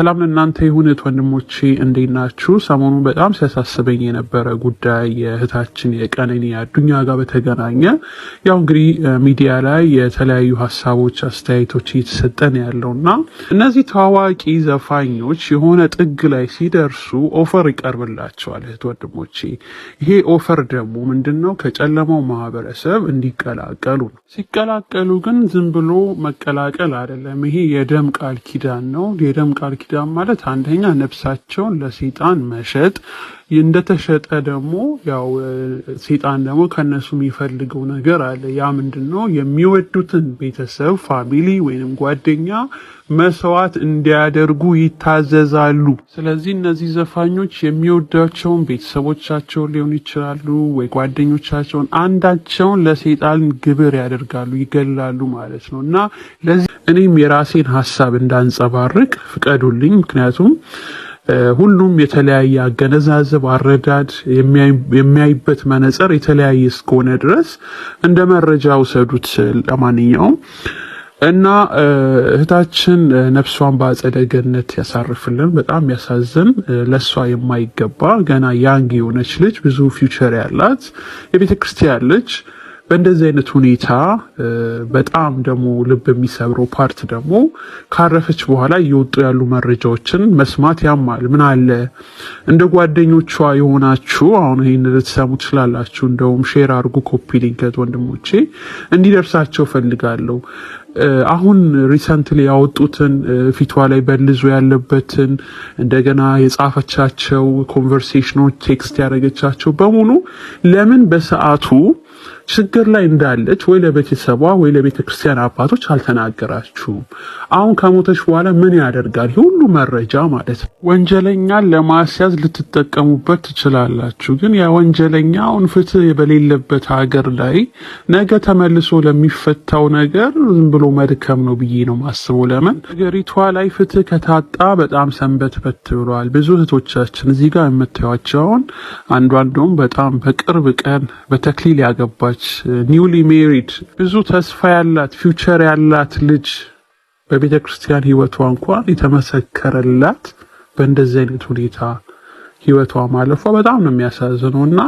ሰላም ለእናንተ ይሁን ወንድሞቼ፣ እንዴት ናችሁ? ሰሞኑ በጣም ሲያሳስበኝ የነበረ ጉዳይ የእህታችን የቀነኒ አዱኛ ጋር በተገናኘ ያው እንግዲህ ሚዲያ ላይ የተለያዩ ሀሳቦች፣ አስተያየቶች እየተሰጠን ያለው እና እነዚህ ታዋቂ ዘፋኞች የሆነ ጥግ ላይ ሲደርሱ ኦፈር ይቀርብላቸዋል። እህት ወንድሞቼ፣ ይሄ ኦፈር ደግሞ ምንድን ነው? ከጨለማው ማህበረሰብ እንዲቀላቀሉ ነው። ሲቀላቀሉ ግን ዝም ብሎ መቀላቀል አይደለም። ይሄ የደም ቃል ኪዳን ነው። የደም ቃል ክርስቲያን ማለት አንደኛ ነፍሳቸውን ለሰይጣን መሸጥ እንደተሸጠ ደግሞ ያው ሴጣን ደግሞ ከነሱ የሚፈልገው ነገር አለ። ያ ምንድን ነው? የሚወዱትን ቤተሰብ ፋሚሊ፣ ወይንም ጓደኛ መስዋዕት እንዲያደርጉ ይታዘዛሉ። ስለዚህ እነዚህ ዘፋኞች የሚወዷቸውን ቤተሰቦቻቸውን ሊሆን ይችላሉ ወይ ጓደኞቻቸውን፣ አንዳቸውን ለሴጣን ግብር ያደርጋሉ፣ ይገላሉ ማለት ነው እና ለዚህ እኔም የራሴን ሀሳብ እንዳንጸባርቅ ፍቀዱልኝ ምክንያቱም ሁሉም የተለያየ አገነዛዘብ፣ አረዳድ የሚያይበት መነጽር የተለያየ እስከሆነ ድረስ እንደ መረጃ ውሰዱት። ለማንኛውም እና እህታችን ነፍሷን በአጸደ ገነት ያሳርፍልን። በጣም ያሳዝን፣ ለእሷ የማይገባ ገና ያንግ የሆነች ልጅ ብዙ ፊውቸር ያላት የቤተ ክርስቲያን ልጅ በእንደዚህ አይነት ሁኔታ በጣም ደግሞ ልብ የሚሰብረው ፓርት ደግሞ ካረፈች በኋላ እየወጡ ያሉ መረጃዎችን መስማት ያማል። ምን አለ እንደ ጓደኞቿ የሆናችሁ አሁን ይህን ልትሰሙ ትችላላችሁ። እንደውም ሼር አድርጉ፣ ኮፒ ሊንከት ወንድሞቼ እንዲደርሳቸው ፈልጋለሁ። አሁን ሪሰንትሊ ያወጡትን ፊቷ ላይ በልዞ ያለበትን እንደገና የጻፈቻቸው ኮንቨርሴሽኖች ቴክስት ያደረገቻቸው በሙሉ ለምን በሰዓቱ ችግር ላይ እንዳለች ወይ ለቤተሰቧ ወይ ለቤተ ክርስቲያን አባቶች አልተናገራችሁም። አሁን ከሞተች በኋላ ምን ያደርጋል? ሁሉ መረጃ ማለት ነው። ወንጀለኛን ለማስያዝ ልትጠቀሙበት ትችላላችሁ። ግን ያ ወንጀለኛውን ፍትህ በሌለበት ሀገር ላይ ነገ ተመልሶ ለሚፈታው ነገር ዝም ብሎ መድከም ነው ብዬ ነው ማስበው። ለምን ሀገሪቷ ላይ ፍትህ ከታጣ በጣም ሰንበት በት ብሏል። ብዙ እህቶቻችን እዚህ ጋር የምታዩቸውን አንዷ በጣም በቅርብ ቀን በተክሊል ያገባ የተጋባች ኒውሊ ሜሪድ ብዙ ተስፋ ያላት ፊውቸር ያላት ልጅ በቤተ ክርስቲያን ህይወቷ እንኳን የተመሰከረላት በእንደዚህ አይነት ሁኔታ ህይወቷ ማለፏ በጣም ነው የሚያሳዝነው እና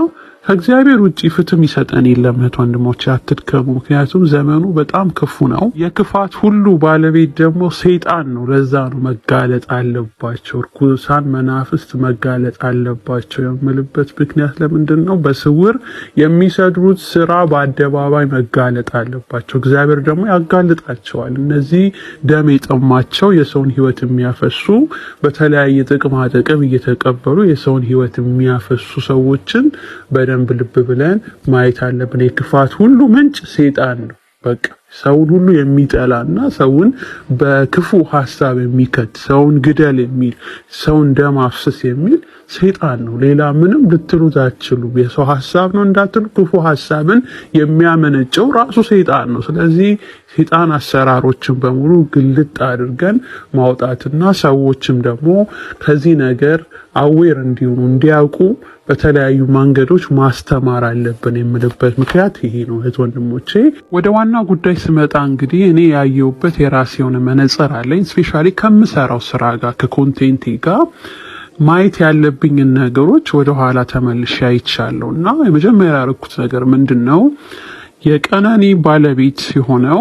ከእግዚአብሔር ውጭ ፍትህ ይሰጠን የለም። እህት ወንድሞች አትድከሙ፣ ምክንያቱም ዘመኑ በጣም ክፉ ነው። የክፋት ሁሉ ባለቤት ደግሞ ሰይጣን ነው። ለዛ ነው መጋለጥ አለባቸው፣ እርኩሳን መናፍስት መጋለጥ አለባቸው የምልበት ምክንያት ለምንድን ነው? በስውር የሚሰድሩት ስራ በአደባባይ መጋለጥ አለባቸው። እግዚአብሔር ደግሞ ያጋልጣቸዋል። እነዚህ ደም የጠማቸው የሰውን ህይወት የሚያፈሱ በተለያየ ጥቅማ ጥቅም እየተቀበሉ የሰውን ህይወት የሚያፈሱ ሰዎችን በደ በደንብ ልብ ብለን ማየት አለብን። የክፋት ሁሉ ምንጭ ሴጣን ነው። በቃ ሰውን ሁሉ የሚጠላና ሰውን በክፉ ሀሳብ የሚከት ሰውን ግደል የሚል ሰውን ደም አፍስስ የሚል ሴጣን ነው። ሌላ ምንም ልትሉት አትችሉም። የሰው ሀሳብ ነው እንዳትሉ፣ ክፉ ሀሳብን የሚያመነጨው ራሱ ሴጣን ነው። ስለዚህ ሴጣን አሰራሮችን በሙሉ ግልጥ አድርገን ማውጣትና ሰዎችም ደግሞ ከዚህ ነገር አዌር እንዲሆኑ እንዲያውቁ በተለያዩ መንገዶች ማስተማር አለብን የምልበት ምክንያት ይሄ ነው። እህት ወንድሞቼ፣ ወደ ዋና ጉዳይ ስመጣ እንግዲህ እኔ ያየሁበት የራሴ የሆነ መነጽር አለኝ። ስፔሻሊ ከምሰራው ስራ ጋር ከኮንቴንቴ ጋር ማየት ያለብኝን ነገሮች ወደኋላ ተመልሼ አይቻለሁ እና የመጀመሪያ ያደረኩት ነገር ምንድን ነው የቀነኒ ባለቤት የሆነው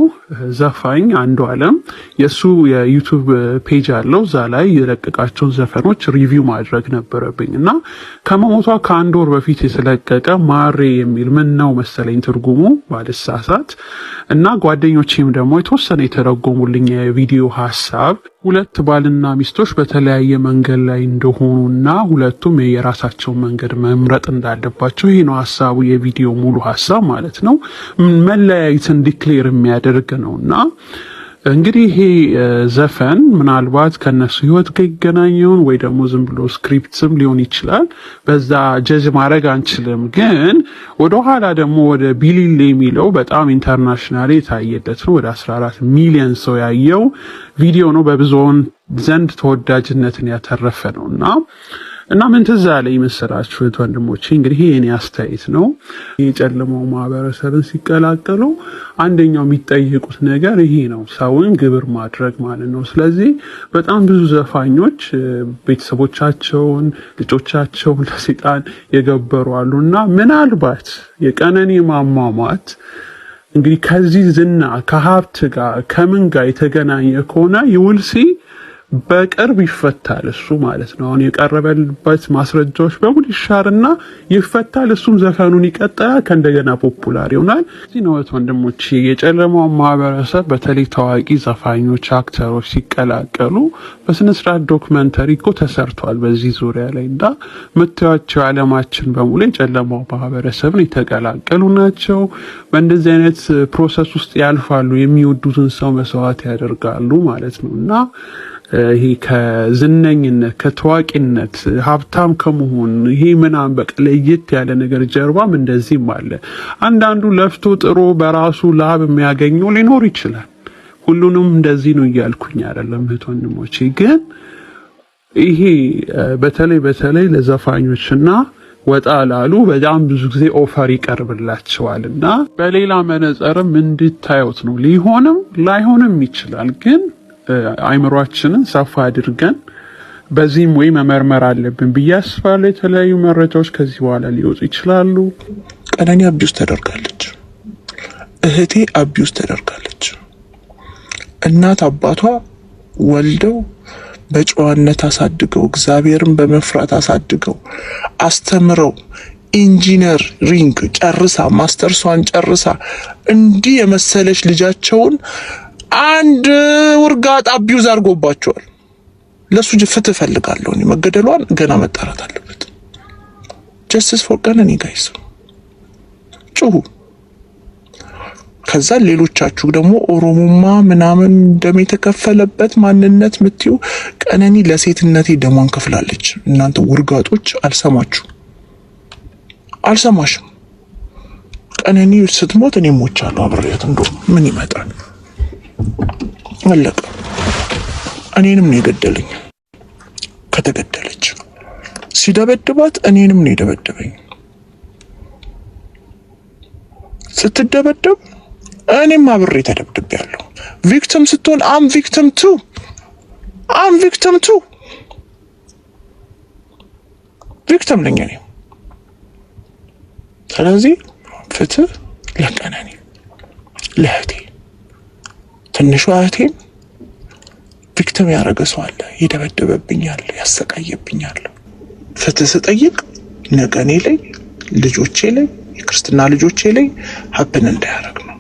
ዘፋኝ አንዱ አለም የእሱ የዩቱብ ፔጅ አለው። እዛ ላይ የለቀቃቸውን ዘፈኖች ሪቪው ማድረግ ነበረብኝ እና ከመሞቷ ከአንድ ወር በፊት የተለቀቀ ማሬ የሚል ምን ነው መሰለኝ ትርጉሙ ባልሳሳት እና ጓደኞቼም ደግሞ የተወሰነ የተረጎሙልኝ የቪዲዮ ሀሳብ ሁለት ባልና ሚስቶች በተለያየ መንገድ ላይ እንደሆኑ እና ሁለቱም የራሳቸውን መንገድ መምረጥ እንዳለባቸው ይህ ነው ሀሳቡ፣ የቪዲዮ ሙሉ ሀሳብ ማለት ነው። መለያየትን ዲክሌር የሚያደርግ ነው እና እንግዲህ ይሄ ዘፈን ምናልባት ከነሱ ህይወት ጋር ወይ ደግሞ ዝም ብሎ ስክሪፕትም ሊሆን ይችላል። በዛ ጀጅ ማድረግ አንችልም። ግን ወደኋላ ደግሞ ወደ ቢሊሌ የሚለው በጣም ኢንተርናሽናል የታየለት ነው። ወደ 14 ሚሊዮን ሰው ያየው ቪዲዮ ነው። በብዙውን ዘንድ ተወዳጅነትን ያተረፈ ነው እና እና ምን ትዝ አለ ይመስላችሁ እህት ወንድሞቼ፣ እንግዲህ የኔ አስተያየት ነው። የጨለመው ማህበረሰብን ሲቀላቀሉ አንደኛው የሚጠይቁት ነገር ይሄ ነው፣ ሰውን ግብር ማድረግ ማለት ነው። ስለዚህ በጣም ብዙ ዘፋኞች ቤተሰቦቻቸውን፣ ልጆቻቸውን ለሴጣን የገበሩ አሉ እና ምናልባት የቀነኔ ማሟሟት እንግዲህ ከዚህ ዝና ከሀብት ጋር ከምን ጋር የተገናኘ ከሆነ ይውልሲ በቅርብ ይፈታል እሱ ማለት ነው። አሁን የቀረበልበት ማስረጃዎች በሙሉ ይሻርና ይፈታል። እሱም ዘፈኑን ይቀጥላል፣ ከእንደገና ፖፑላር ይሆናል። እዚህ ነው ወንድሞች፣ የጨለማውን ማህበረሰብ በተለይ ታዋቂ ዘፋኞች፣ አክተሮች ሲቀላቀሉ በስነስርዓት ዶክመንተሪ እኮ ተሰርቷል በዚህ ዙሪያ ላይ እና ምታያቸው አለማችን በሙሉ የጨለማው ማህበረሰብን የተቀላቀሉ ናቸው። በእንደዚህ አይነት ፕሮሰስ ውስጥ ያልፋሉ፣ የሚወዱትን ሰው መስዋዕት ያደርጋሉ ማለት ነው እና ይሄ ከዝነኝነት ከታዋቂነት ሀብታም ከመሆን ይሄ ምናምን በቃ ለየት ያለ ነገር ጀርባም እንደዚህም አለ። አንዳንዱ ለፍቶ ጥሮ በራሱ ላብ የሚያገኘው ሊኖር ይችላል። ሁሉንም እንደዚህ ነው እያልኩኝ አይደለም እህት ወንድሞቼ። ግን ይሄ በተለይ በተለይ ለዘፋኞችና ወጣ ላሉ በጣም ብዙ ጊዜ ኦፈር ይቀርብላቸዋል እና በሌላ መነጽርም እንድታዩት ነው። ሊሆንም ላይሆንም ይችላል ግን አይምሯችንን ሰፋ አድርገን በዚህም ወይ መመርመር አለብን ብዬ አስባለሁ። የተለያዩ መረጃዎች ከዚህ በኋላ ሊወጡ ይችላሉ። ቀነኒ አቢውስ ተደርጋለች፣ እህቴ አቢውስ ተደርጋለች። እናት አባቷ ወልደው በጨዋነት አሳድገው እግዚአብሔርን በመፍራት አሳድገው አስተምረው ሪንግ ጨርሳ ማስተርሷን ጨርሳ እንዲህ የመሰለች ልጃቸውን አንድ ውርጋጥ አቢዩዝ አድርጎባቸዋል። ለእሱ ፍትህ እፈልጋለሁ። መገደሏን ገና መጣራት አለበት። ጀስቲስ ፎር ቀነኒ ጋይስ ጩሁ። ከዛ ሌሎቻችሁ ደግሞ ኦሮሞማ ምናምን ደም የተከፈለበት ማንነት ምትዩ ቀነኒ ለሴትነቴ ደሟን ከፍላለች። እናንተ ውርጋጦች አልሰማችሁ አልሰማሽም። ቀነኒ ስትሞት እኔ ሞቻለሁ አብሬያት። እንደውም ምን ይመጣል? አለቀ። እኔንም ነው የገደለኝ። ከተገደለች ሲደበድባት እኔንም ነው የደበደበኝ። ስትደበደብ እኔም አብሬ ተደብድቤያለሁ። ቪክቲም ስትሆን አም ቪክቲም ቱ አም ቪክቲም ቱ ቪክቲም ነኝ እኔ። ስለዚህ ፍትህ ለቀነኔ ለእህቴ ትንሿ እህቴን ቪክቲም ያደረገ ሰው አለ። ይደበደበብኛል፣ ያሰቃየብኛል። ፍትህ ስጠይቅ ነገ እኔ ላይ ልጆቼ ላይ የክርስትና ልጆቼ ላይ ሀብን እንዳያደርግ ነው።